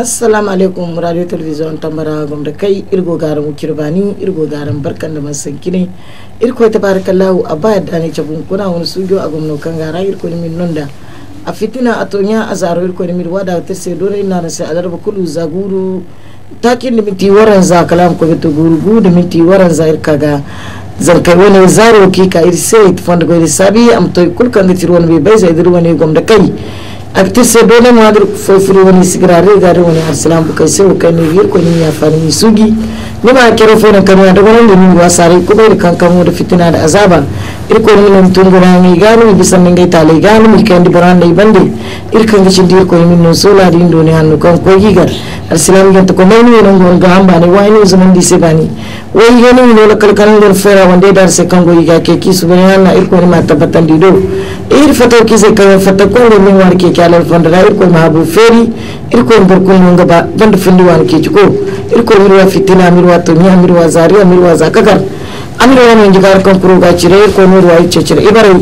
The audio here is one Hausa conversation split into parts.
assalamu alaikum radio television tambara gwamda kai irgo garan ukirbani irgo garan barkan da masu gine irko ta barakallahu a baya da ne cabun kuna wani studio a gwamna kan gara irko ni min nonda a fitina a tonya a zaro irko ni min wada ta sai dole ina na sai alarba kulu zaguru takin da minti waran za kalam ko bitu gu da minti waran za irka ga zarkai wani zaro ki ka irse fond go irsabi am toy kulkan da tirwan bai bai zai wani gwamda kai akti se dole madru fofuru wani sigrare gare wani arsalam bukai sai kai ne gir ko ni ya fani sugi lima kero fena kanu da gonon da min sare kuma da kankan da fitina da azaba irko ni nan tungura ni gano mi bisan min gaita le gano mi kan di boranda i bande irkan gicin di irko min no sola di indo ne hannu kan ko gigar arsilam gan ta ko mai ni nan gon ga hamba ne wai ni zaman di se bani wai gani ni no kalkan gon fera wande dar se kan go giga ke ki su bani hanna irko ni ma tabbatan di do ir fato ki se kan fato ko ni min war ke kyalar fondara irko ma bu feri irko ngor ko ngaba dan da findi wan ke ko irikuru miru wa fitina amiru wa tumia amiru wa zari amiru wa zakagar amiru wa ninjigar kan kuru ga chire ko nur wa chire ibare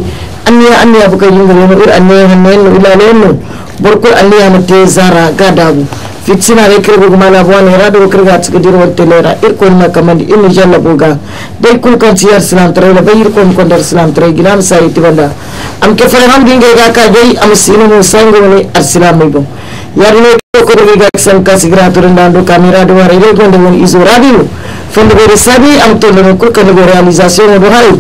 anniya anniya buka yingal no ir anniya hanno ilaleno borko anniya no te zara gadabu fitina re kirgo gumala bwana rado kirga tsgidir watelera ir ko na kamandi in jalla boga dai kul kan siyar salam tare la bayir ko ko dar salam tare ginam sari tibanda am ke fere ham dinge ga ka dai am sino mo sango ne arsalam bo yarne Okur vidak sem kasigratur nandu kamera dua hari dengan izu radio. Fondo beri sabi am tolo nuku kanu beri realisasi ono dua hari.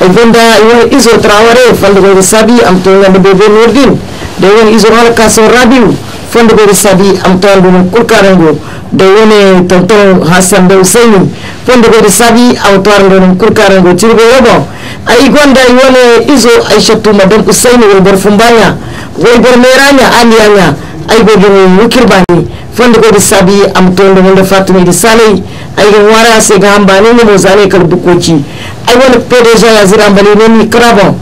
Fonda iwa izu trawari fondo beri sabi am tolo nandu bebe nurdin. Dewan izu hal kaso radio. Fondo beri sabi am tolo usaini. Fondo beri sabi am ciri beri bo. Aiguan da aisyatu madam usaini wibar fumbanya. Wibar meranya anianya. aygogin bani fondi ko di sabi am tondo wonde fatumi di salay aygen wara se ga ambani ni mozane kar dukoci ay wona pdg ya zira ambani ne mi krabon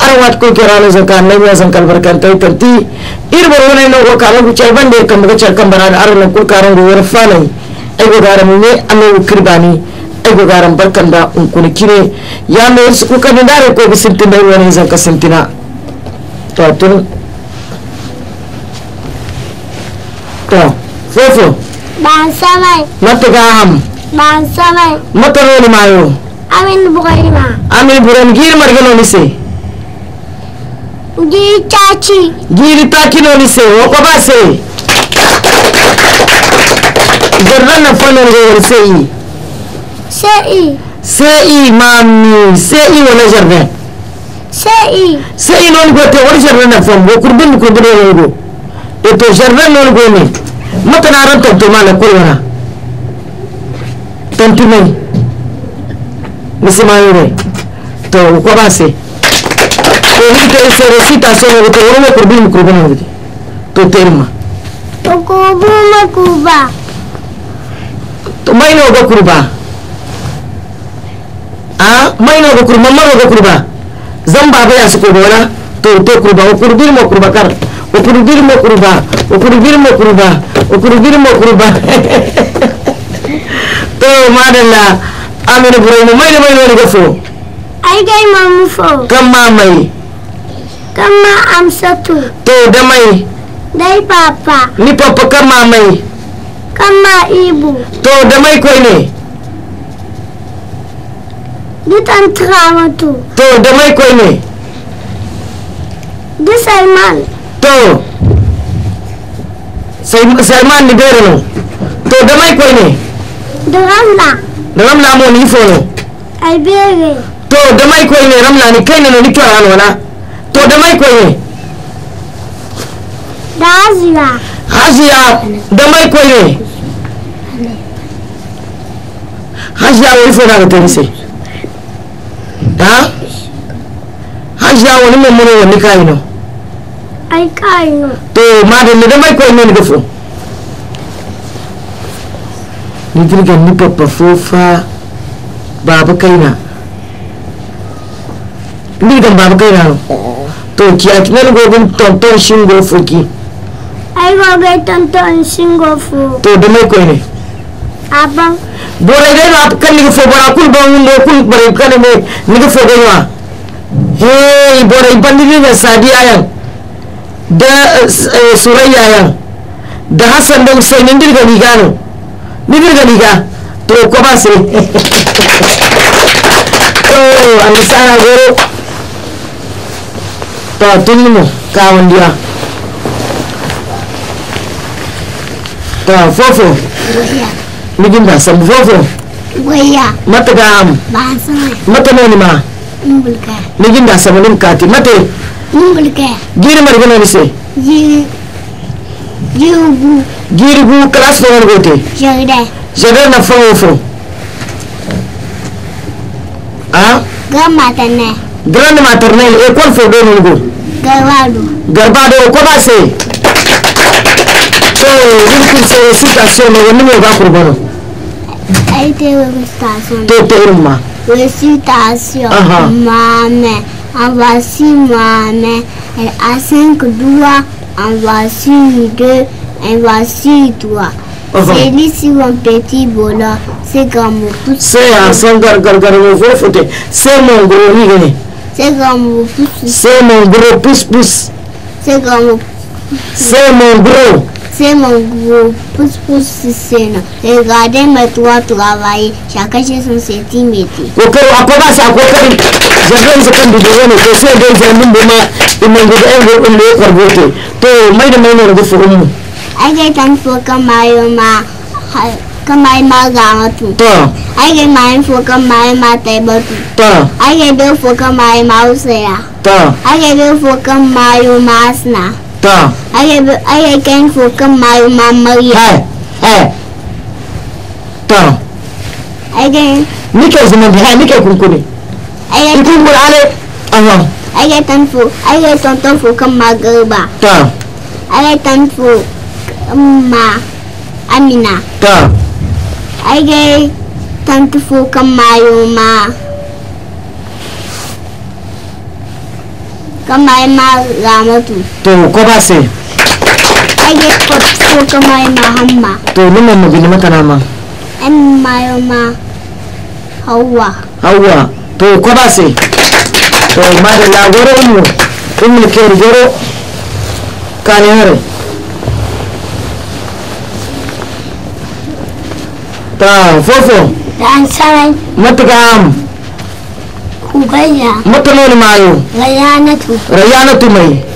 arawat ko kerano zanka nay wa zanka barkan tay tanti irbo wona no ko kala bu chay bande kam ga chay kam barana arana ko karango wor fanay ay go garam ne anu kirbani ay go garam barkan da un um kun kire ya no su ko kan dare ko bisintina wona zanka sintina to tun to então, fofo ban samay matagaham ban samay matanoni mayo amin bukaima amin buran giri marganonise giri tachi giri taki nonise okobase gorrana fonongo sei sei sei mami sei wala jardin sei sei non gote wala jardin na fombo kurbin kurbin non go eto jardin non go ne matanaran na kurwana tantumai musulmanu ne to ko ba se to ni ke sere sita so ne to wuro ko bi ko bana wuri to terma to ko bu ma kuba to mai no ga kurba a mai no ga ma ga zan ya su ko bona to to kurba ko kurbi ma kurba kar ukuri birimo kuruba ukuri birimo kuruba ukuri birimo kuruba to madalla amina buru mu mai da mai wani gafo ai gai mamu fo kan mai satu. ma satu to da mai dai papa ni papa kan mai ibu to damai mai koi ne Dutan tramatu. To da mai koi ne? Dusaiman. to salman ni bere no to da mai koi ne da ramla da ramla mo ni fo no ai bere to da mai koi ne ramla ni kai ne no ni to ran wala to da mai koi ne da haziya haziya da mai koi ne hajiya wani fo da ta rise ha hajiya wani mun mun wani kai no Ai kayo. To, madalla da mai kwai ne ga so. Ni kirga ni babba fofa babu kaina. Ni dan babu kaina. To ki a kinan gobin tonton shingo fuki. Ai gobe tonton shingo fu. To da mai kwai ne. Abang. Bora dai na kan ni fo bora kul ban mun kul bare kan ne ni fo gwa. Hey, bora ibandi ne sadiya yan. da eh, eh, surayya yan da hassan da usaini ni dirga liga no ni dirga liga to ko ba sai to an goro to tun mu ka wandiya to fofo ni ginda san fofo mata ga am ba san mata ne ma ni mata உங்களுக்கு கீரம் அடிக்கணும் அரிசி கீருபு é கிளாஸ் தோணும் கோட்டி ஜெகட ஜெகட நஃபோ ஓஃபோ ஆ கிராண்ட் மாத்தர்னே கிராண்ட் மாத்தர்னே o கோல் ஃபோ கோல் உங்களுக்கு Garbado. Garbado, como assim? Oh, vim com seu situação eu não me vou provar. Aí tem uma situação Tem, tem uma. Uma citação. Aham. Mamãe. en voici main, Elle a cinq doigts, en voici deux, en voici trois. C'est ici mon petit bola, c'est comme vous C'est un c'est mon gros C'est comme C'est mon gros pouce pouce. C'est comme C'est mon gros. mango, pus-pus sena, regade mătua travai și acașe sunt sentimetri. Cocău, apăva să acocău, zăgăm să cam bidezene, că se de zămân de mă, în mango de învă, în loc orbote. To, mai de mai ne rugă să omul. Ai găitan făcă mai ma, ka ma gama ma To. Ai găi mai în ma mai ma te bătu. To. Ai găi de făcă mai ma usea. To. Ai găi de făcă mai ma asna. I can welcome my mama. Hey, hey. To. I can. Nike zuma bi hai nike kunkune. I can. I get tan fo. I get tan tan fo kam magarba. To. I get ma Amina. To. I get tan fo ma. Kamai ma Ramatu. To ko ba ayé kọtù kọ ma ẹ ma hàn ma. tó o ní mọ mọ gidi mẹta náà ma. ẹ ma ẹ ma awa. awa tó o kọba sí. tó o ma dé làgọrọ mu o mi kéré gọrọ kàní hẹrẹ. taa fofo. dansare. matuka am. kugaya. matuka ni maayo. rayana tu. rayana tu mayi.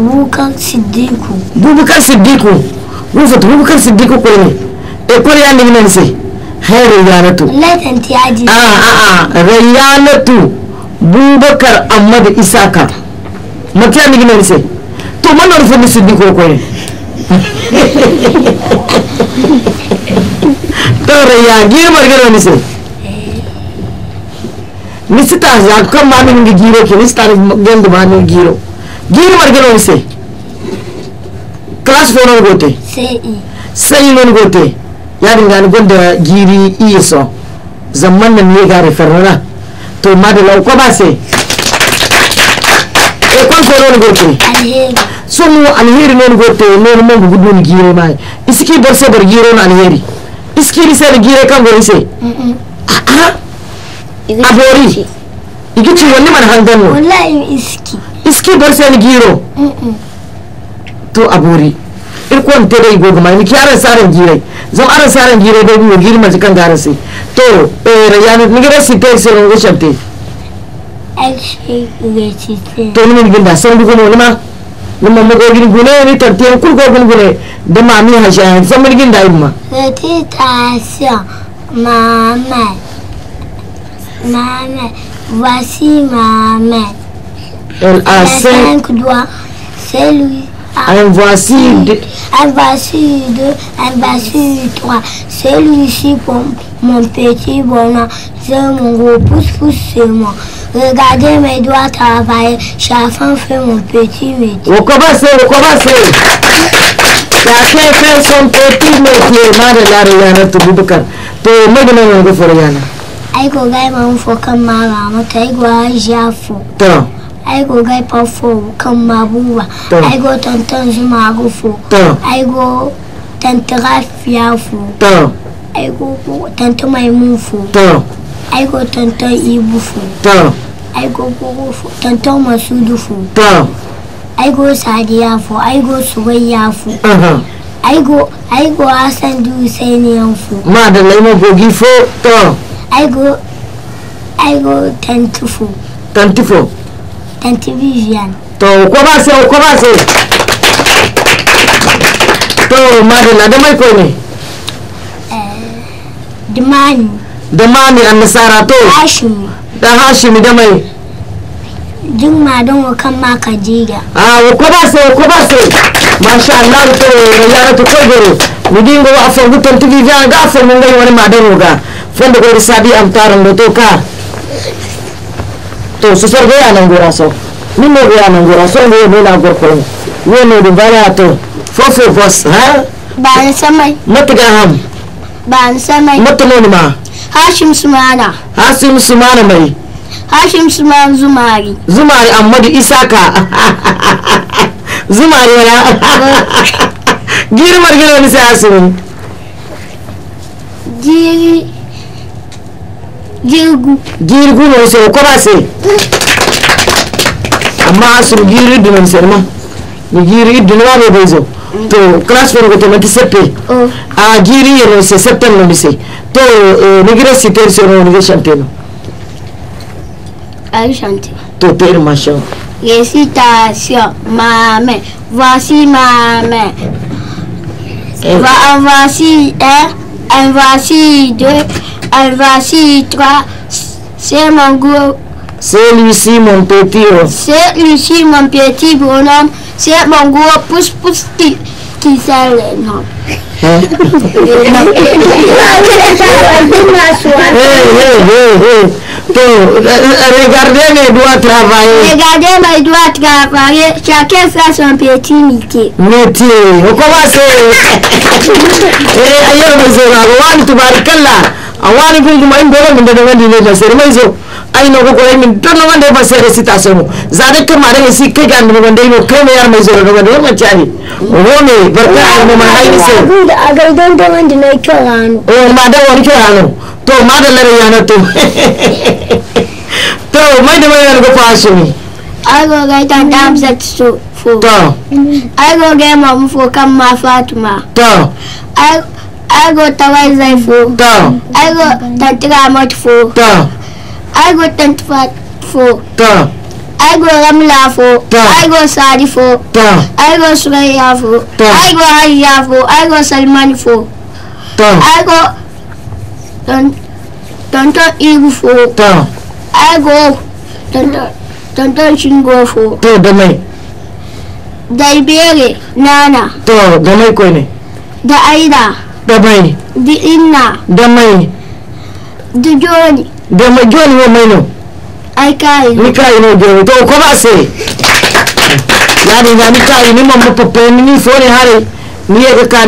bubukar siddiku bubukar siddiku wufat bubukar siddiku ko ne e ko ya ni nan sai hay riyanatu laitan tiyaji a a ah riyanatu bubakar ahmad isaka mata ni nan sai to man rufe ni siddiku ko ne to riya girmar garo ni sai eh. ni sita za kan ma min giro ke ni sita ga ma min giro gini margano nse class fo non gote sai non gote ya dinga ni gonda giri iya so zaman nan ne ga referrana to ma da lauko ba sai e kon fo non gote so mu alheri non gote non mon gudu ni gire mai iski bor se bor gire non alheri iski ni sai gire kan go ise a a abori ci wani man hangan no wallahi iski ski borsen giro to abori irkon te dai gogo mai miki aran saran girai zan aran saran girai dai biyo giri man kan garan sai to eh rayana ni gira si te sai ngo shamte to ni min binda san dugo mo ma ni mamma go giri gune ni tartiyan kul go gune gune da mami ha sha san min ginda imma te ta sha mama mama wasi mama Elle a cinq doigts. C'est lui. Ah, un voici deux. Un voici deux. Un voici trois. ci pour mon petit bonheur. C'est mon gros pouce Regardez mes doigts travailler. Chacun fait mon petit métier. Vous commencez, vous commencez. Chacun fait son petit métier. go gai pafo kan mabuba go tantan jimaru fo aigo tantarafiya fo aigo tantu maimun fo go tantan ibu fo aigo gogo fo tantan masudu fo aigo sadiya fo aigo suwayya fo aigo go hasan du sai ne yan fo ma da laima gogi fo aigo go tantu fo tantu fo Aunty Vivian. To, ko ba sai, ko ba sai. To, madina da mai ko ne? Eh, Dimani. Dimani an to. Hashim. Da Hashim da mai. Jumma don wakan ma Khadija. Ah, ko ba sai, ko ba sai. Masha Allah to, yara to ko goro. Mudingo wa wani ga. ko risabi to su sargo ya nan gora so ni mo ya nan gora so ne ne na gor ne ne du bala to fofo bos ha ba ni samai matuga ham ba ni samai matulo ni ma hashim sumana hashim sumana mai hashim suman zumari zumari amadu isaka zumari wala girmar girmar sai hasimin jiri jirgu jirgu no se ko ba se amma asuru jiri dunam serma ni jiri dunwa be bezo to class fere ko to mati seppe oh. a jiri yero se septem no bise to eh, ni gira siter se no ni chanteno ay chante to ter machin récitation ma main voici ma main eh. voici un eh, voici deux toi, c'est mon gros. C'est Lucie, mon petit. C'est Lucie, mon petit bonhomme. C'est mon gros pouce pouce qui, qui sert les hein? euh, regardez mes doigts travailler. Regardez mes doigts travailler. Chacun fait son petit métier. Métier. On commence. Eh, ailleurs, monsieur, je tu vas awani fun kuma in dole min da ngandi ne da sere mai zo ai no ko min don ngande ba sere sita sero zade ka mare si ke ga min ngande no kai me yar mai zo no ah, ah, ngande ma chani o me barka ai no ma hai ni sero da agar don da ngande ne ke rano o ma da wani ke rano to ma da lare yana to to mai da mai fɔ a fasu ni ai go ga ta dam set so fo to ai go ga ma mu fo kan ma fatuma to ai I go ta wazai fo. Ta. I go ta tiramot fo. Ta. I go ta fo. Ta. I go ramla fo. Ta. I go sadi fo. Ta. I go suraya fo. Ta. I go hajiya fo. I go salman fo. Ta. I go tonton igu fo. Ta. I go tonton shingo fo. To da mai. Da ibere nana. To da mai ko ne. Da aida. da mai di inna da mai di joni da mai joni wo mai no ai kai ni kai no joni to ko ba se yani na ni ya mm. ah, ni ni ni ka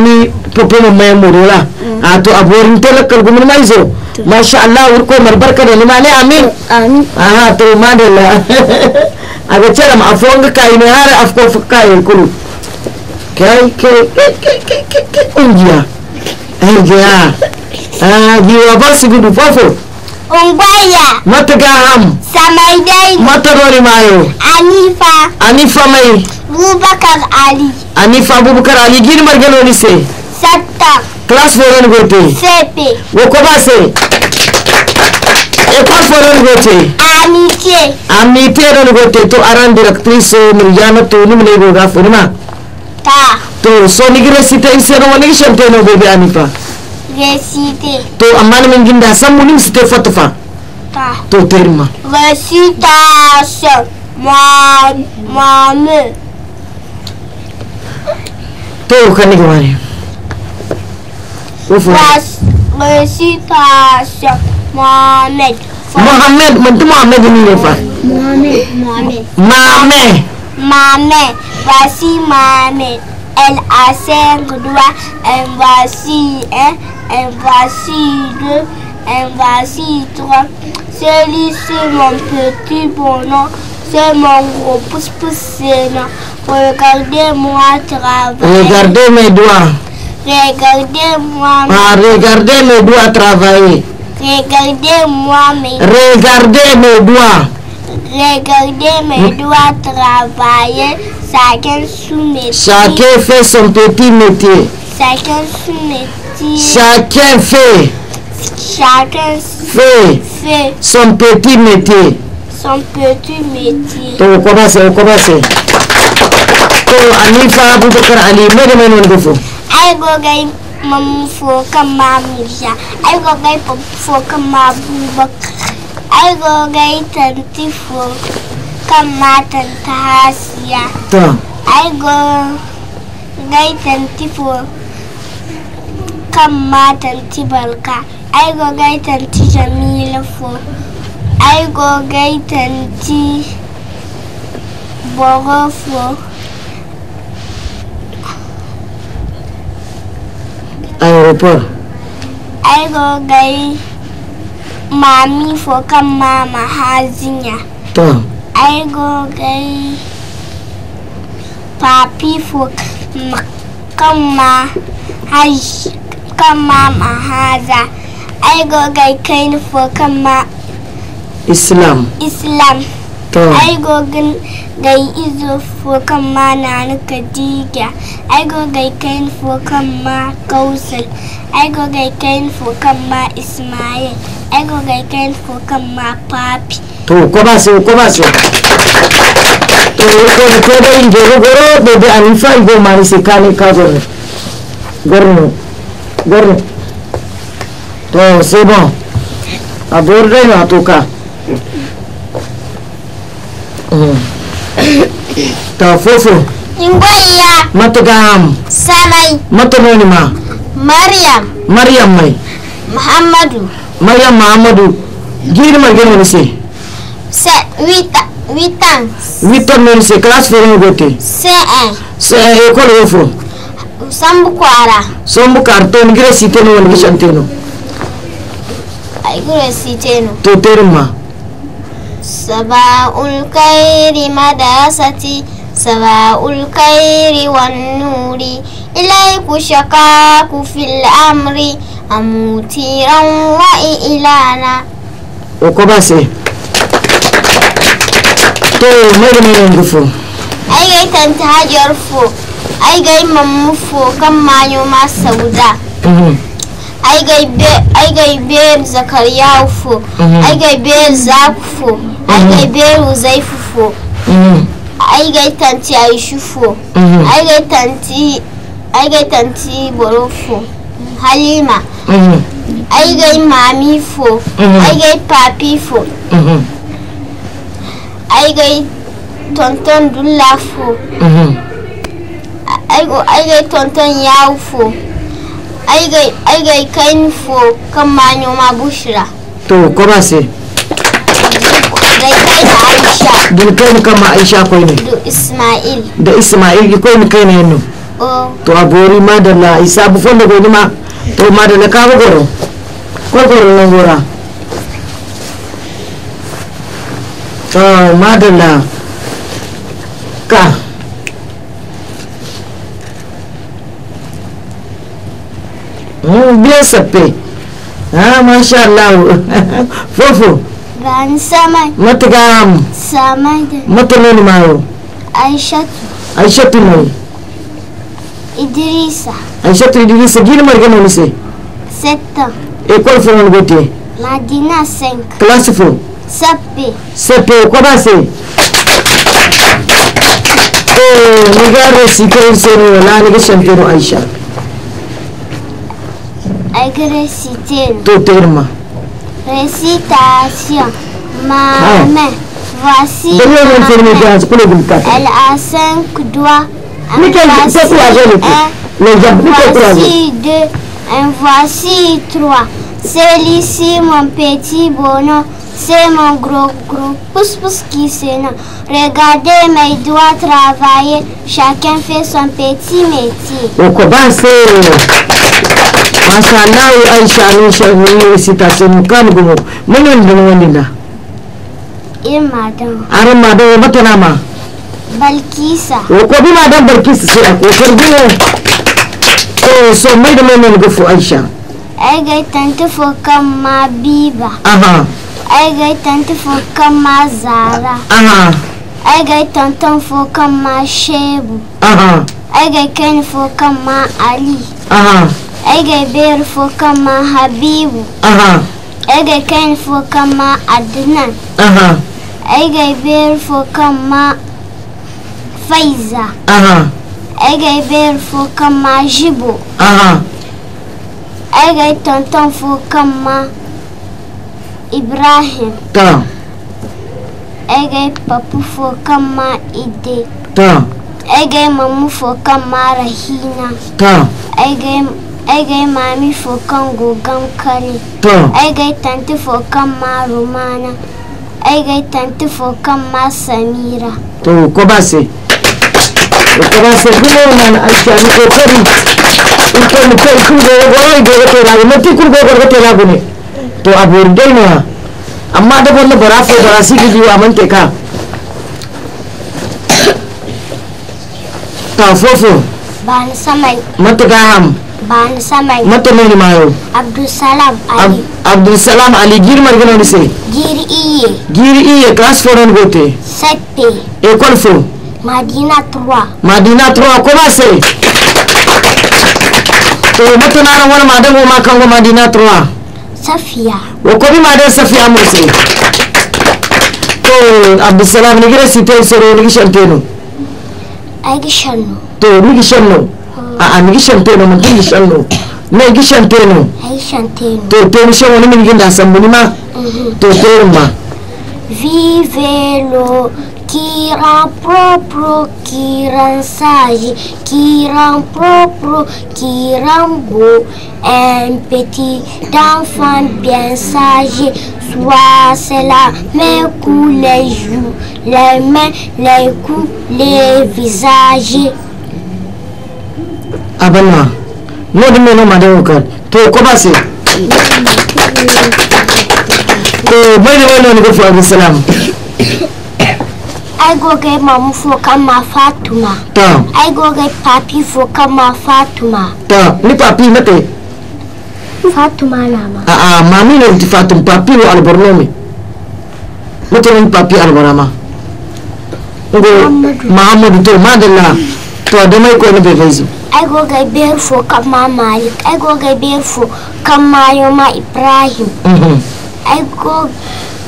popo mu mai morola a to aborin talakar gumin mai zo masha Allah wurko mar barka da limane amin amin aha to madalla aga cera ma afon ga kai ne har afko fukai kulu kai kai kai kai kai ungiya Ejia. Ajiwa eh, basi gudu fofo. Ungwaya. Matagaham. Samaidai. Matarori mayo. Anifa. Anifa mai. Bubakar Ali. Anifa Bubakar Ali gini margalo ni se. Satta. Class foran gote. Sepe. Wokoba se. Ekol foran gote. Amite. Amite ron gote to aran directrice Mirjana to ni mlego ga furma. Ta to so niki recitation sero wani shante no bebe anifa recite to amma na min ginda san munin su te to terima recita sha ma to kan niki mari ufu recita sha ma Muhammad, mantu Muhammad ini Pak. Mame. Mame, Mame. mame. mame. mame. Elle a cinq doigts, un voici un, hein, un voici deux, un voici trois. Celui, c'est mon petit bonhomme, c'est mon gros pouce pouce Regardez-moi travailler. Regardez mes doigts. Regardez-moi. Ah, regardez mes doigts travailler. Regardez-moi mes. Regardez mes doigts. Regardez mes mm. doigts travailler, chacun sous métier. Chacun fait son petit métier. Chacun sous métier. Chacun fait. Chacun fait. Son petit métier. Son petit métier. Donc on commence, on commence. To Anifa Abubakar Ali, madame Nongofo. Aïe, Gogaï, maman, faut que ma Mirja. Aïe, Gogaï, faut que ma Abubakar. ai gogai tantifo kan matan ta hasiya to ai gogai kan matan tibalka ai gogai tanti jamilafo ai gogai tanti borofo aeroport ai gogai mami fo kan mama hazinya to ai go gai papi fo kan ma haj kan mama haza ai go gai kai fo kan ma islam islam to ai go gan gai izo fo kan ma na kadija ai go gai kai fo kan ma kausal Ego gaiken fukama Ismail. Ego gaiken fukama papi. To koba tu koba assim, assim? é se. To ko Tu, da ingero goro de de anifa ibo mani se Tu, ka goro. Gorno. É Gorno. To c'est bon. Aborde hum. en Tu, tá cas. Ta fofo. Ingoya. Matugam. Sanai. Matononi ma. Maryam. Maryam mai. Muhammadu. Maryam Muhammadu. Girma girma ni se. Se wita witan. Witan ni se class fere ni gote. Se en. Eh. Se en eh, école eh, wo fo. Sambu kwara. Sambu karton gire site no wani shanteno. Ay gire site no. To terma. Sabahul khairi madasati sabahul khairi wan nuri. إليك شكاك في الأمر أموتيرا وإلانا وكباسي تو مير مير ينقفو أي جاي تنتهاج يرفو أي جاي ممفو كم ما يوم السوداء أي جاي أي جاي بير زكريا وفو أي جاي بير زاك فو أي جاي بير وزيف فو أي جاي تنتي أي شوفو أي جاي تنتي aigai ti boro fo halima mhm. aigai mami fo mhm. aigai papi fo mhm. aigai tonton dulla fo aigai tonton yawu fo aigai kain fo kan manyo ma bushira to ko ba se kai kama aisha kwai ne da ismail da ismail kwai ne kai ne yanzu to a bori madalla isa bu fonda godi ma to madalla ka bu goro ko goro na gora to madalla ka mun hmm, biya sappe ha masha Allah fofo Gani samai. Mata gam. Samai da. Mata nani mayo. Aishatu. Aishatu mai. Idrissa. il Idrissa, quel 7 ans. École Fouan Gauthier. Madina 5. Classe Fou. CP. CP, quoi c'est Regarde si quel seigneur là, Aïcha. Agressité. Totalement. Récitation. Ma main. Voici. Elle a cinq doigts plus découragé le plus. Le diable, Voici deux, un voici trois. Celui-ci, mon petit bonhomme, c'est mon gros gros pouce pouce qui s'énerve. Regardez mes doigts travailler, chacun fait son petit métier. On commence. Mashallah, Aïcha, Aïcha, félicitations, comme vous. Mon nom de Mouanila. Et madame. Alors, madame, votre nom Balkisa. O ko bi ma dan Balkisa sai a kokar biyo. Eh so mai da mai ne ga fu Aisha. Ai ga tantu fo kan ma Biba. Aha. Ai ga tantu fo kan ma Zara. Aha. Ai ga tantan fo kan ma Shebu. Aha. Ai ga kan fo kan ma Ali. Aha. Ai ga ber fo kan ma Habibu. Aha. Ai ga kan fo kan ma Adnan. Aha. Ai ga ber fo kan ma faiza egay beer fo kama jibo egay tonton fo kama ibrahim ta tá. egay papu fo kama ide ta tá. egay mamu fo kama rahina ta tá. egay Egai mami fokan gogan kare. Egai tante fokan ma romana. Egai tante fokan ma samira. Tô, ko Ito ba sa gino na na ay siya ni Kokori. Ito mo ka ikong gawagawa ay gawa tira. Ito mo ikong gawagawa ay tira ko ni. Ito aburde mo ha. Amma da ba na barafo barasi ka jiwa amante ka. Ta fofo. Bani samay. Mata ka ham. Bani samay. Mata mo ni mayo. Abdusalam Ali. Abdusalam Ali. Giri marigana ni say. Giri iye. Giri iye. Class 4 on gote. Sette. Ekol fo. Ekol fo. Madina 3. Madina 3 comment c'est to mutuna nan wani madan goma kan Madina 3. Safiya. Wa ko bi madan Safiya mun sai. To Abdulsalam ni gire site soro ni gishan teno. Ai gishan no. To ni gishan no. Hmm. A a ni gishan teno mun din gishan no. Me gishan teno. gishan teno. To teno shan min ginda san mun ma. Mhm. To teno ma. Vivelo qui rend propre, qui rend sage, qui rend propre, qui rend beau. Un petit enfant bien sage, soit cela, mes coups, les joues, les mains, les coups, les visages. Abonnement. Nous non, madame, pour commencer. Mm. Euh, bonne nouvelle, nous avons fait salam. aigoge mamu fo kama fatuma ta aigoge papi fo kama fatuma ta ni papi mate fatuma nama a ah, a ah, mami no ti fatum papi no alborno mi mate ni papi alborama ngo mahamudu to madalla to da mai ko ne be faizu aigoge ber fo kama malik aigoge ber fo kama yoma ibrahim mhm. aigoge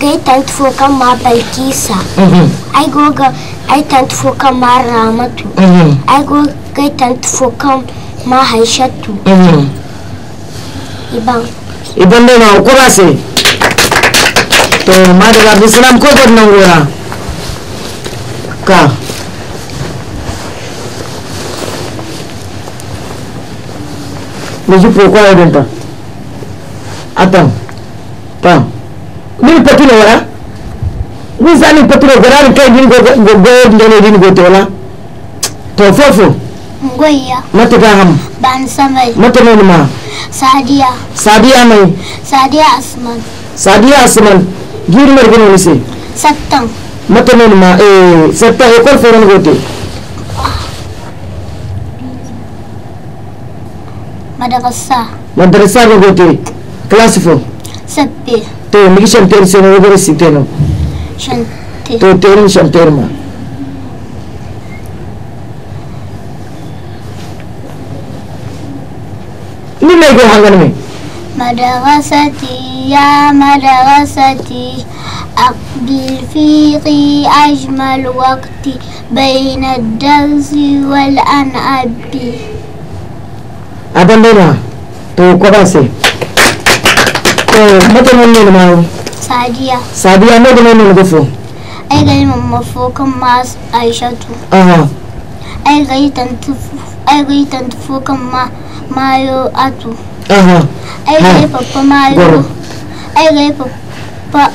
Aí tanto fokamar balkisa. Uhum. Ai goga ai tanto fokamar ramatu. Uhum. Ai goga ai tanto fokamar haishatu. Iban. Uhum. Iban dai ma ko ba sai. To madalla bisalam não god assim? não gora. Ka. Muji pokok ada entah. Atang. Pang. min patino wala min sa nin patino gara ni kai din go go ndene din go tola to fofo ngoya mata ga ham ban samai mata ne ma sadia. sadia mai sadia asman sadia asman girmar gino eh, ni se sattan mata ne ma eh satta e kor foron go te madrasa madrasa go te class 4 تو میگی شمتر سینه رو بره سی تینو شمتر تو تیرم شمتر ما نی میگو هنگن می مدرستي يا مدرستي أقبل فيقي أجمل وقتي بين الدرس والأن أبي أبن لنا تو كباسي Eh, mata nan ne mawa. sadiya sadiya ne da nan gufo ai gari mamma fokan ma aishatu aha ai gari tantu ai gari tantu fokan ma mayo atu aha ai gari papa mayo ai gari papa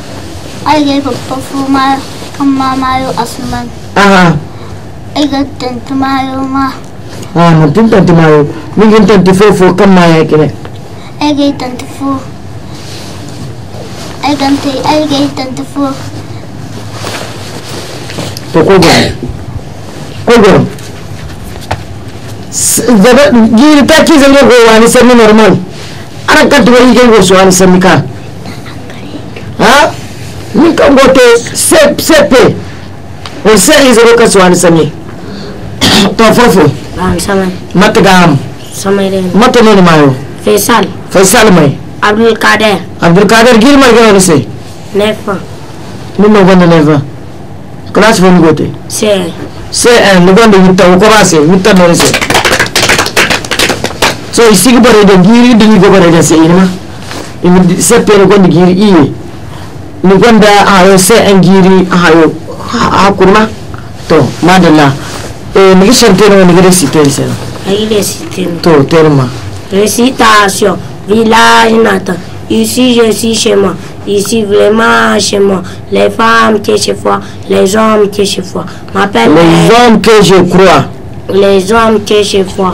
ai gari papa fu ma kan ma mayo asuman. aha ai gari tantu mayo ma ah mutum tantu mayo mingin tantu fofo kan ma ya kire ai gari tantu fofo Elganti, elgaitanti fu. To kogon. Kogon. Zaba, giri ta ki zange go wani sami normal. Ana kanti wani gen go wani sami ka. Ha? Ni kan go te sep sepe. O seri zero ka wani sami. To fofo. Ba samai. Matgam. Samai den. Matene ni mayo. Faisal. Faisal mai. Abdul Kader. Abdul Kader gir mal gawa nese. Neva. Numa gwanda neva. Klas fon gote. Se. Se en eh, lu gwanda wita wukoba se wita nore se. So isi gwa rede giri dini gwa ba rede se inima. Ini se pere gwanda giri iye. Lu gwanda ayo se en giri ayo akurma. To madela. Eh nigi shantero nigi resi tere se. Ayi resi tere. To terma. Resi tasio. village Nathan. Ici, je suis chez moi. Ici, vraiment chez moi. Les femmes que chez moi, les hommes qui chez moi. M'appelle les hommes que je crois. Les hommes que chez moi,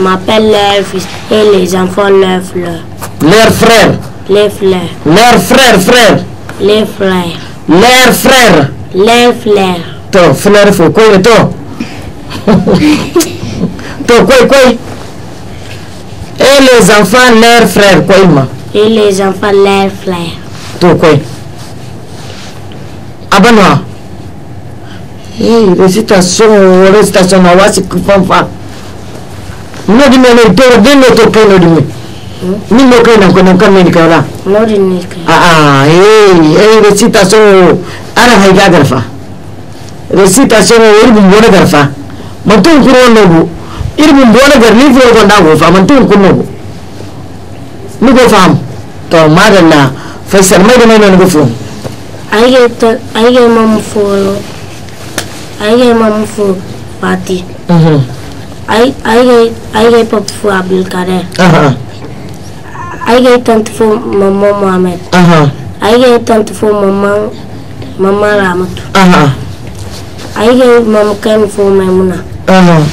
m'appelle les fils et les enfants leurs fleurs. Leurs frères. Les fleurs. Leurs frères, frères. Les frères. Leurs frères. Les fleurs Toi frère faut quoi, toi. quoi, quoi? Et les enfants, leurs frères, quoi, Ima Et les enfants, leurs frères. Tout, quoi. Abanoa. Hey, récitation, récitation, na wasi kufanfa. No di mene, toro, di no to keno di me. Ni no keno, kono kano ni kawala. No di ni kano. Ah, ah, hey, hey, récitation, ara haiga garfa. Récitation, eri bumbona garfa. Mantu kuro nobu, Irboun bon agar ni fwo yon fwanda wou fwaman tou yon koun nou. Nou gwe fwaman. Ton maden na fwesan may denay nan gwe fwaman. Aye gay mamu fwo walo. Aye gay mamu fwo pati. Uh-huh. Aye gay pap fwo abil kare. Uh-huh. Aye gay tant fwo mammo mwamed. Uh-huh. Aye gay tant fwo mamman ramad. Uh-huh. Aye gay mamu kwen fwo memuna. Uh-huh.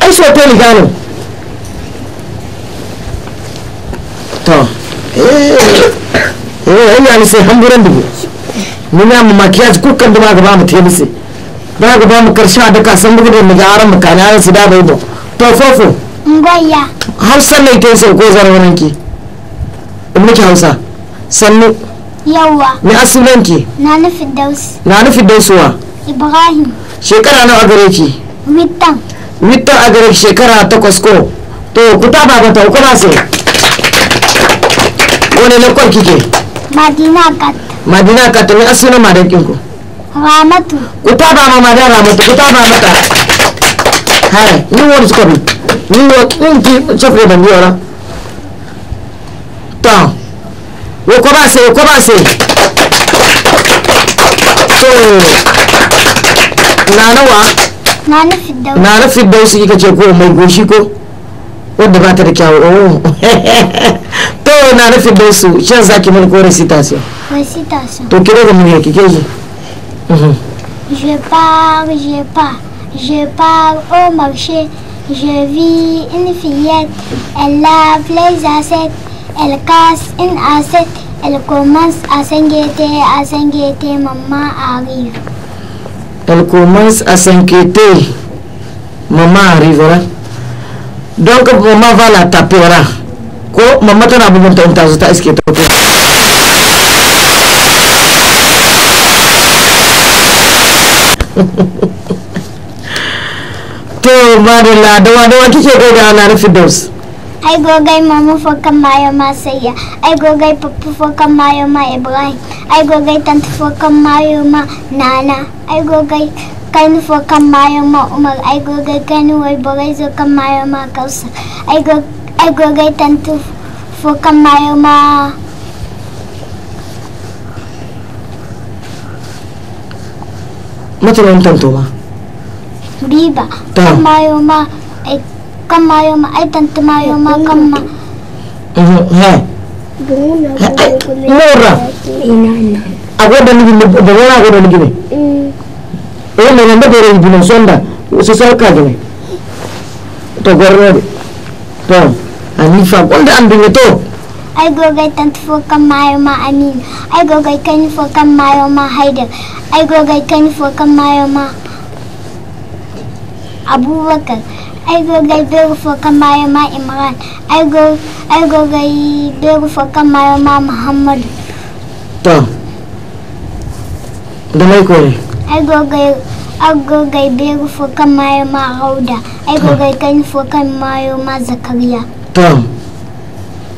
ai so ta liganin to eh eh yani sai hamburan dubu mun ya mu makiyaj kukan da ba mu tebisi ba ga ba mu karshe da ka san bugu mu ga aran mu kana su da bai to fofo ngoya hausa ne ta sai ko zarwanan ki muke hausa sannu yawa me asunan ki na nufi dausu na nufi dausuwa ibrahim shekara nawa gare ki mito a garin shekara takwas ko to ku ta babata ku kuma sai wani lakon kike madina kat madina kat ne asuna madan kinku ramatu ku ta ba ma madan ramatu ku ta ba mata hai ni wani suka bi ni wo in ki chofre ban yi ora to wo ko ba sai ko ba sai to nanawa nana firdausi kika ce ko mai goshi ko wadda ba ta da kyawu oh to nana firdausu shan zaki mana ko recitation recitation to kire ga mun yake keji je pars je pars je pars au marché je vis une fillette elle lave les assiettes elle casse une assiette elle commence à s'inquiéter à s'inquiéter maman arrive elle commence à s'inquiéter. Maman arrivera. Donc, maman va la taper là. Quoi Maman, tu as besoin de temps, est-ce que tu to madalla da wada wa kike goga ana rufe dos ai gogai mamu fokan mayo ma sayya ai gogai papu fokan mayo ma ibrahim I go gay tant fokam mayo ma nana. I go gay kan fokam mayo ma umag. I go get kan way bogay zo kam mayo ma kausa. I go I go get gay tant fokam mayo ma. Matulong tanto ma? Riba. Ta. Kamayo ma. Ay, kamayo ma. I tanto mayo ma. Kama. Uh -huh. murah eh, aku ada lagi dengan aku ada lagi eh hmm. menanda dari ibu nasonda sesuai kaji togornya dong anifa konda ambil itu ai gogai tan fokan mayo amin ai gogai kan fokan mayo haidar ai gogai kan fokan mayo ma I go get beautiful ma Imran. I go I go get beautiful kamar ma Muhammad. kore. I go get I go get beautiful kamar ma Hauda. I go get beautiful kamar ma Zakariya. To.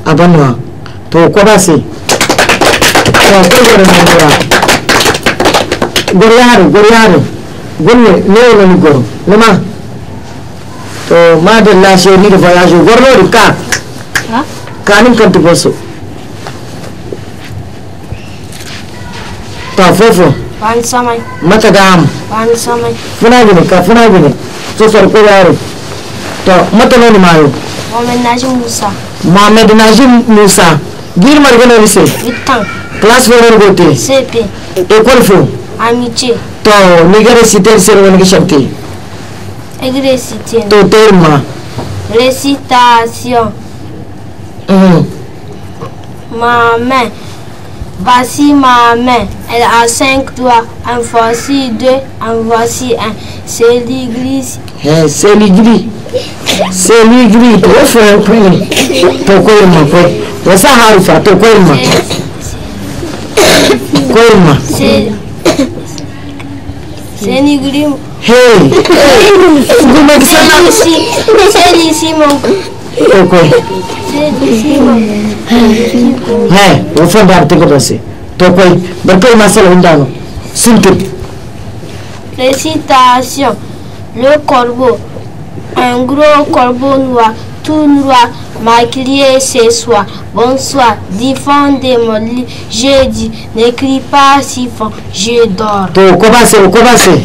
Abanwa. To ko To ko gore na gora. Goriyaru, goriyaru. Gonne ne ne to madalla se ni fa ya so gorno di ka kanin kan tu boso ta fofo bani samai mata gam pan samai funa gine ka funa gine so sar yaro to mata no ni mayo Mohamed Najim Musa Mohamed Najim Musa girmar gane lise ittan class forer gote cp école fo amitié to ni gare citer ser wani shanti Récité. Totalement. Récitation. Recitation. Mhm. Ma main. Voici ma main. Elle a cinq doigts. En voici deux. En voici un. C'est l'église. Eh, c'est l'église. C'est l'église. Pourquoi il m'a Pourquoi il m'a fait C'est ça, Harifa. Pourquoi il m'a fait C'est C'est l'église. você é Hei! Gumeksana! Serisimo! Koko! Hai, wofan da artigo dasi. To koi, barkai masal undano. Sunti. Récitation. Le corbeau, un gros corbeau noir, tout noir, maquillé ce soir. Bonsoir, défendez-moi. J'ai dit, n'écris pas si fort, je dors. To, commencez, commencez.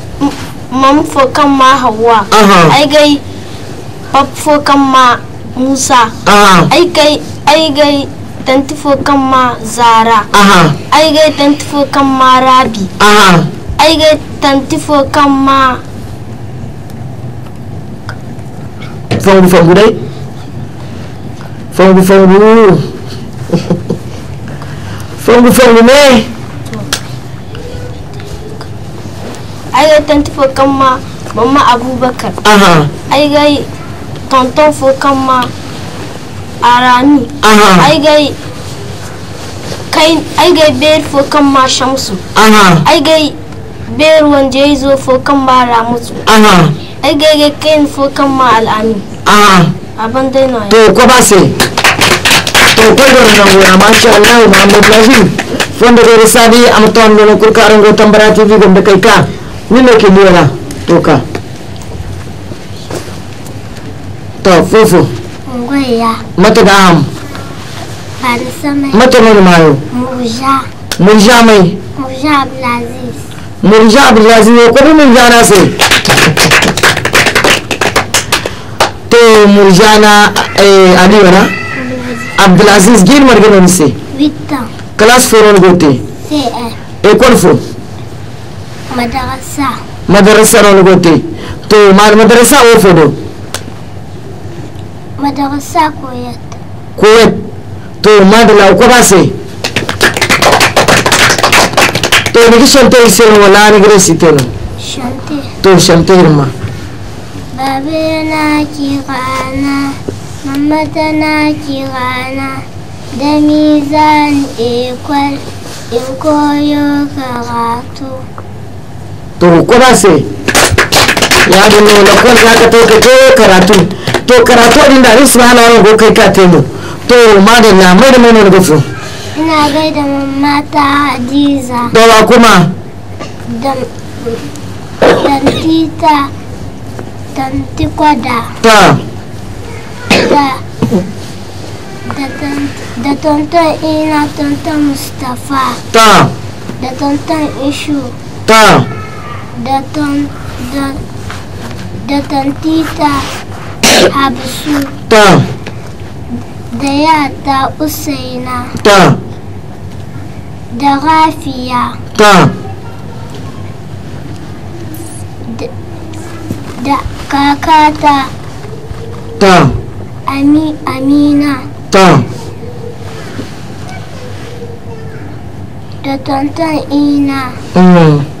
mam fo kan ma hawa ai gai pap fo kan ma musa ai gai ai gai tanti fo kan ma zara ai gai tanti fo kan ma rabi ai gai tanti fo kan ma fangu fangu dai fangu fangu fangu fangu ne ai tanti fo kamma mama abubakar aha ai gai tonton fo kamma arami aha ai gai kai ai gai ber fo kamma shamsu aha ai gai ber wanda ya fo kamma ramusu aha ai gai gai kain fo kamma al'ami aha abin dai na to ko ba sai to ko da nan gora ma sha Allah Muhammad Nabi wanda da sadi am ton don kurkarin gotan barati bi gonda kai ka nínú kìnìún tòkà tọ fofo mata da am mata mai mayo murja mai murja abdulaziz ne kuma murja na sai to murja na eh, aliyu na abdulaziz gilmar gina nise class 4 gote école e. fo madarasa madarasa no ni gote to madarasa o fodo madarasa koyet koyet to madala ko base to ni shante iselo wala ni gresitelo shante Tu shante irmã. Babi na kirana mamma tana kirana da mizan equal in koyo karatu to kuma sai ya bu no na kon ya ka to ka ke karatu to karatu din da suna hana wani go kai ka taimu to na mai da mai ne gofu ina gaida mamma ta hadiza to ba kuma da tantita tantikwada ta da da tonton ina tonton mustapha ta da tonton ishu ta da ton da da tantita habsu ta da yata usaina ta da rafiya ta da kakata ta ami amina ta da tantan ina mm.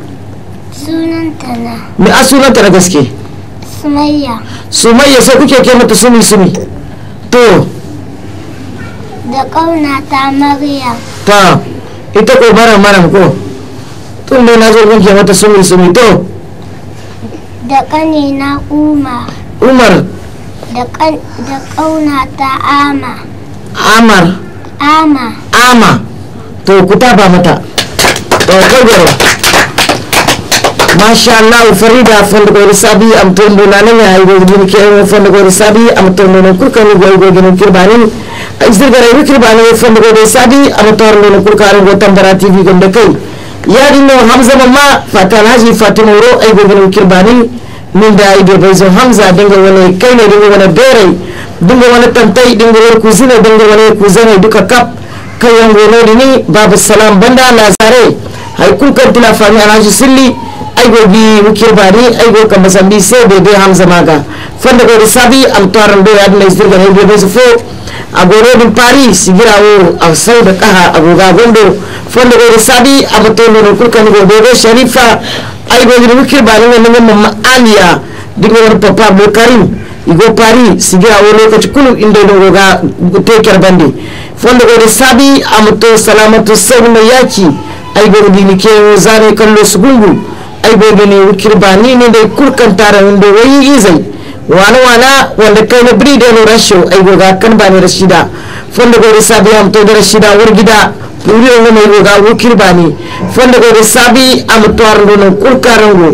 sunanta na me a sunanta na gaske sumayya sumayya sai kuke kai mata sumi sumi to da kauna ta maryam ta ita ko bara maram ko tun dai na zo kuke mata sumi sumi to da kane na umar umar da kauna ta ama amar ama ama to ku taba mata to kagoro ማሻአላህ ፈሪዳ ፈንድ ጎሪሳቢ አምቶም ቡናነኝ አይጎግን ከሆነ ፈንድ ጎሪሳቢ አምቶም ነው ኩርከኑ ጎይጎግን kirbanin isir garai ru kirbanin ፈንድ ጎሪሳቢ አምቶም ነው ኩርካሩ ወተንበራ ቲቪ ገንደከይ ያዲ ነው ሐምዘ ማማ ፋታን ሀጂ ፋቲሞሮ አይጎግን kirbanin min da ai bezo hamza dinga wani kai ne dinga wani bere dinga wani tantai dinga wani kuzina dinga wani kuzina duka kap kai yango ne ni babu salam banda lazare hay kun kan tila fami alhaji silli aygo gi mukirbari aygo ka masambi se be be hamza fanda ko sabi am taran be ad na so fo agoro pari sigira sauda agoga gondo fanda ko sabi am to no ko kan go sharifa mamma aliya papa bo karim igo pari sigira kulu ga tekar bande fonda go sabi am to salamatu sai mai yaki ai go zare kallo sugungu ay boogani kirbanini de kurkantarawinde wayi izay Wani wana wanda kayna brideno rasho ay goga kanbani rashida fonda gore sabi amtoda rashida wargida puriyo mai goga wukirbani fonda gore sabi amtorndo no kurkarango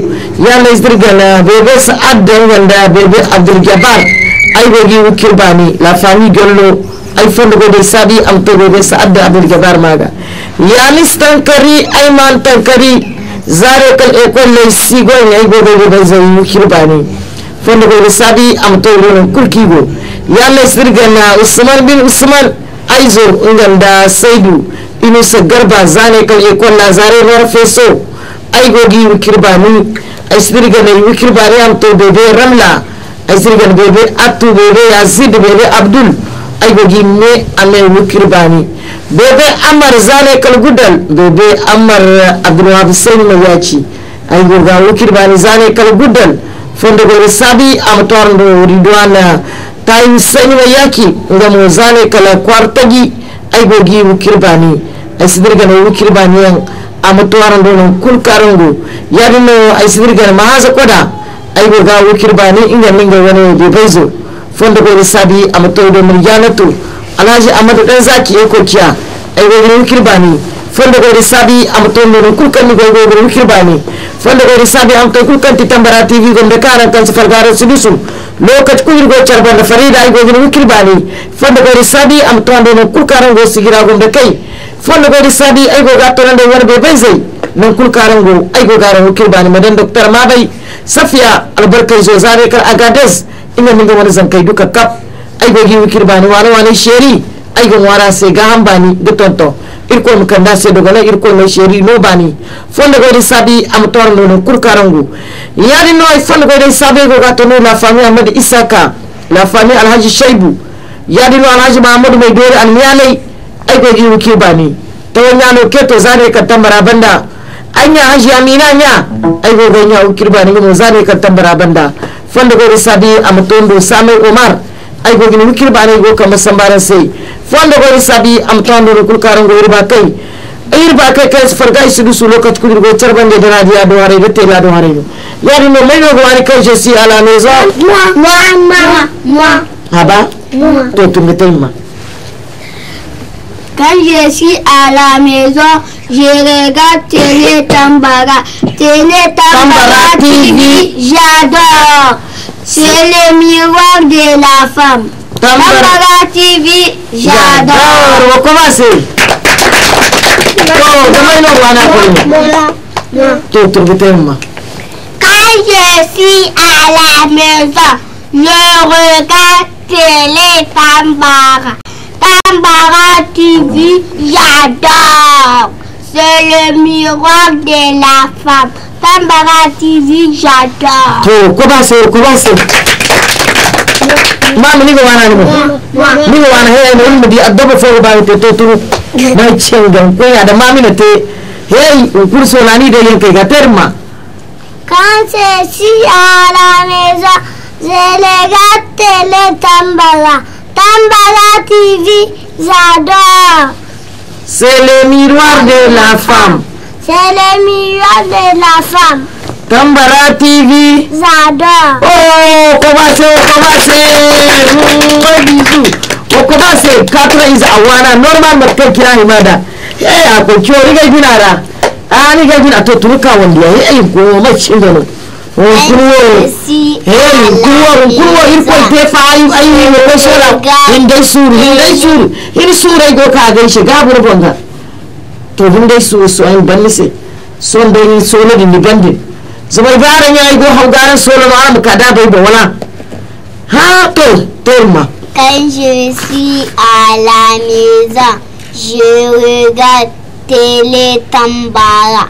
yana isdirgana bebe sa'ad wanda bebe abdul jabbar ay gogi wukirbani la famille gollo ay fonda gore sabi amtoda bebe sa'ad abdul jabbar maga yani stankari ay man tankari zaro kan e kolle sigo ne gogo gogo zan kirbani fondo gogo sabi am tolo kurkigo yalla sirgana usman bin usman aizo inganda saidu inusa garba zane kan e kolla zare rar feso ai gogi kirbani ai sirgana yu kirbani am to bebe ramla ai sirgana bebe atu bebe yazid bebe abdul ay gogi me amay wukirbani bebe amar zane kalgudan bebe amar eh, abdulwahab sani na yaci ay goga wukirbani zane kalgudan fonda gori sabi amtorndo ridwana eh, tayin sani na yaki ngamo zane kala kwartagi ay gogi wukirbani ay sidirgana wukirbani yang amtorndo non kulkarango yadino ay sidirgana mahaza koda ay goga wukirbani inga minga wani zo. fondo ko sabi amato do mun janatu alaji amadu dan zaki e ko kiya ay go ni kirbani fondo ko sabi ni sabi ti tambara tv gonda karan lokaci farida sabi go gonda kai sabi nan go garan madan doktor mabai safiya albarkar zo zare kar agades inga ninga wani zankai duka kap ai go giwi kirbani wani wani sheri ai go wara se ga han bani ga tonto irko mu kanda se dogo na irko no sheri no bani fonda go de sabi am tor no no kurkarangu yari no ai fonda go de sabi go ga tono la fami amadi isaka la fami alhaji shaibu yari no alhaji mahamudu mai dore almiyalai ai go giwi kirbani to wani ano keto zane ka tambara banda anya haji amina nya ai go go nya ukirba ni mo zane kan tambara banda fanda go risabi amtondo same omar ai go gini ukirba ni go kam sambaran sai fanda go risabi amtondo no kul karango irba kai irba kai kai farga isudu su lokat kudir go charbande da radiya do hare da tela do hare yani no mai go wani kai jesi ala no za muhammad haba to tumete ma Quand je suis à la maison, je regarde Télé Tambara. Télé Tambara TV, j'adore. C'est le miroir de la femme. Tambara TV, j'adore. On va commencer. Quand je suis à la maison, je regarde Télé Tambara. Tambara TV, j'adore. C'est le miroir de la femme. Tambara TV, j'adore. To, ko ba sai, ko ba sai. Mama ni ko wana ni ko. Ni ko wana hey ni mu di addaba fo ba te to to. Na chenga ko ya da mami na te. Hey, kurso nani de yen kai ga terma. Quand c'est si à la maison, j'ai les gâtes et les tambara. Tambala TV, j'adore. C'est le miroir de la femme. C'est le miroir de la femme. Tambara TV. J'adore. Oh, comment c'est, comment c'est. bisous. Oh, comment c'est, 4 is awana, normal, ma pe kira imada. Eh, ako, kyo, riga gina ra. Ah, riga gina to turuka wanda, eh, ko, ma cin gano. nkuruwo irkoy te fa ay wino ko sora hindai suru hindai suru hin surai go ka gan shi gabur bonga to hindai suru so an ballise so dai so ne din bandin zubar garan yayi go hau garan so na ma ka da bai ba wala ha to to ma kan je si a la maison je regarde télé tambara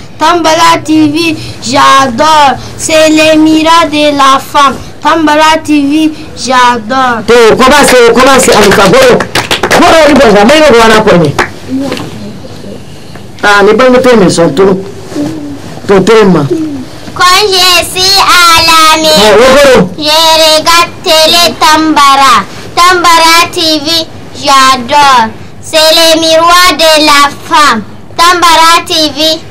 Tambara TV, j'adore. C'est les miracles de la femme. Tambara TV, j'adore. To, comment c'est, comment c'est, bon, Boro? Boro, il va jamais y avoir un premier. Ah, les bonnes thèmes sont tout. thème. Quand je suis à la maison, je regarde télé Tambara. Tambara TV, j'adore. C'est les miroirs de la femme. Tambara TV,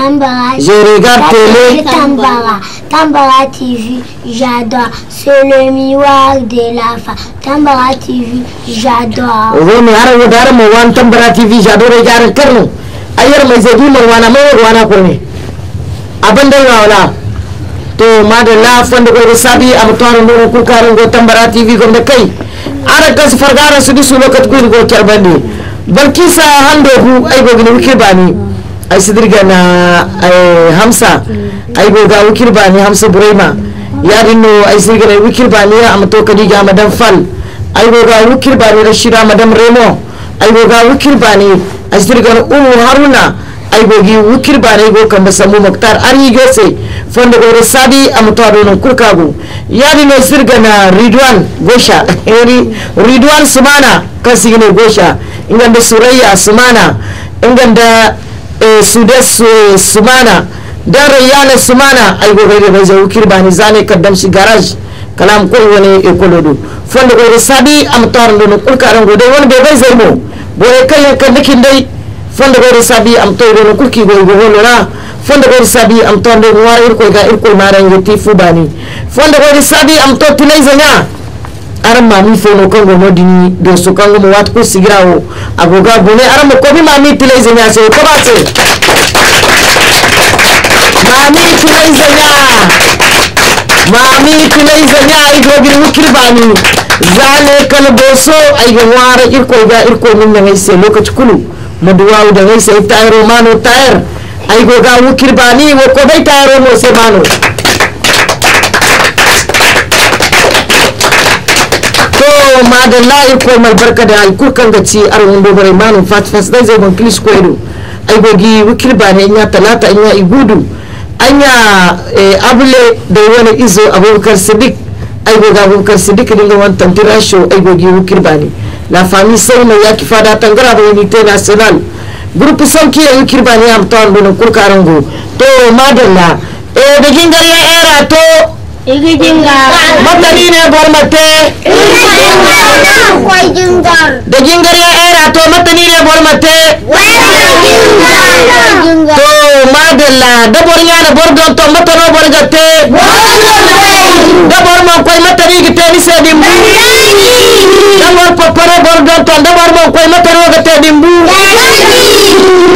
Je regarde télé. Tambara, Tambara TV, j'adore. C'est le miroir de la femme. Tambara TV, j'adore. Oh, mais ara wadara mo wan Tambara TV, j'adore e regarder karno. Ayar mai zabi mo wana mo wana kurne. Abin da wala. To madalla fanda ko sabi abtaru no ku karin go Tambara TV gonda kai. Ara gas fargara su disu lokat ku go kyarbande. Barkisa hando ku ai go ni ke bani. ai sidirga na hamsa ai goga wikir ba ni hamsa burema ya dinno ai sidirga na wikir ba ni am to kadi ga fal ai goga wikir ba ni rashida madam remo ai goga wikir ba ni ai sidirga na umu haruna ai gogi wikir ba ni go kamba samu muktar ari gose fonda gore sadi am to ado non kurkago ya dinno sidirga na ridwan gosha ridwan sumana kan sigine gosha inganda surayya sumana inganda Eh, Su sumana dan rayana sumana ay go rede ba jawu kirbani zane kaddam shi garage kalam ko wani e kolodo fonde go re sabi am torndo no kul karan go dai woni be bai zermo bore kala kaddikin dai fonde go re sabi am torndo no kul ki go go holora fanda go re sabi am torndo no war ir ko ga ir ko maran yoti fubani fonde go re sabi am tunai tinai zanya ar mami fono kango no dini do so kango mo wat ko sigrawo agoga bone ar mo ko bi mami pile zenya so ko ba se mami pile zenya mami pile zenya go bi mukir bani zale kal boso ai ga ga min kulu da mano ai go ga mukir bani wo ko mo se mano to madalla barka da alkul gaci arwun dobare manum dai zai ban kwaido talata ya igudu anya eh, abule da wani izo abubakar siddiq ai abubakar tantira show la sai yaki fada tangara da unité national groupe sanki ya wikir bane am tawon don kurka arango to madalla da eh, gingar ya era to matalina bormatte da jingar ya era to matalina bormatte to madalla da bornya da bordon to matano borgatte d'abord mo koy matari ga teni se dimbu d'abord papare bor don ton d'abord mo koy mataro ga te dimbu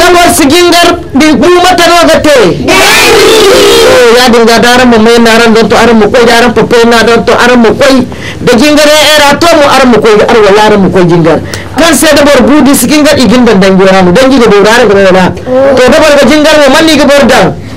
d'abord sigingar dimbu mataro ga te ya dinga daran mo mai naran don to aran mo koy daran papare na don to aran mo koy da jingare era to mo aran mo koy ar wala aran mo koy jingar kan sai da bor budi sigingar igin dan dan gora mu dangi da borare ga wala to da bor ga jingar mo manni ga bor dan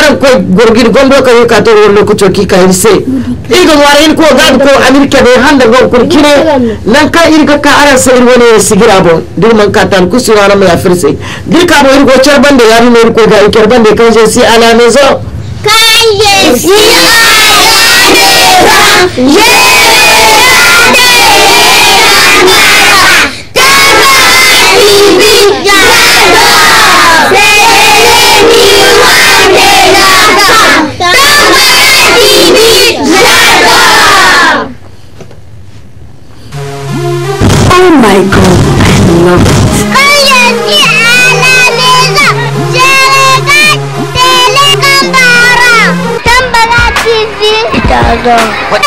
aran ko gorgir gondo ka ka ka hirse iga warin ko gad ko amerika be handa go kur kire ka irga ka aran sai woni sigira bo ka tan ku bo ya ni ko ga charbande kan je si ala ne zo kan je si ala zo Islam menjadi anak desa jelekan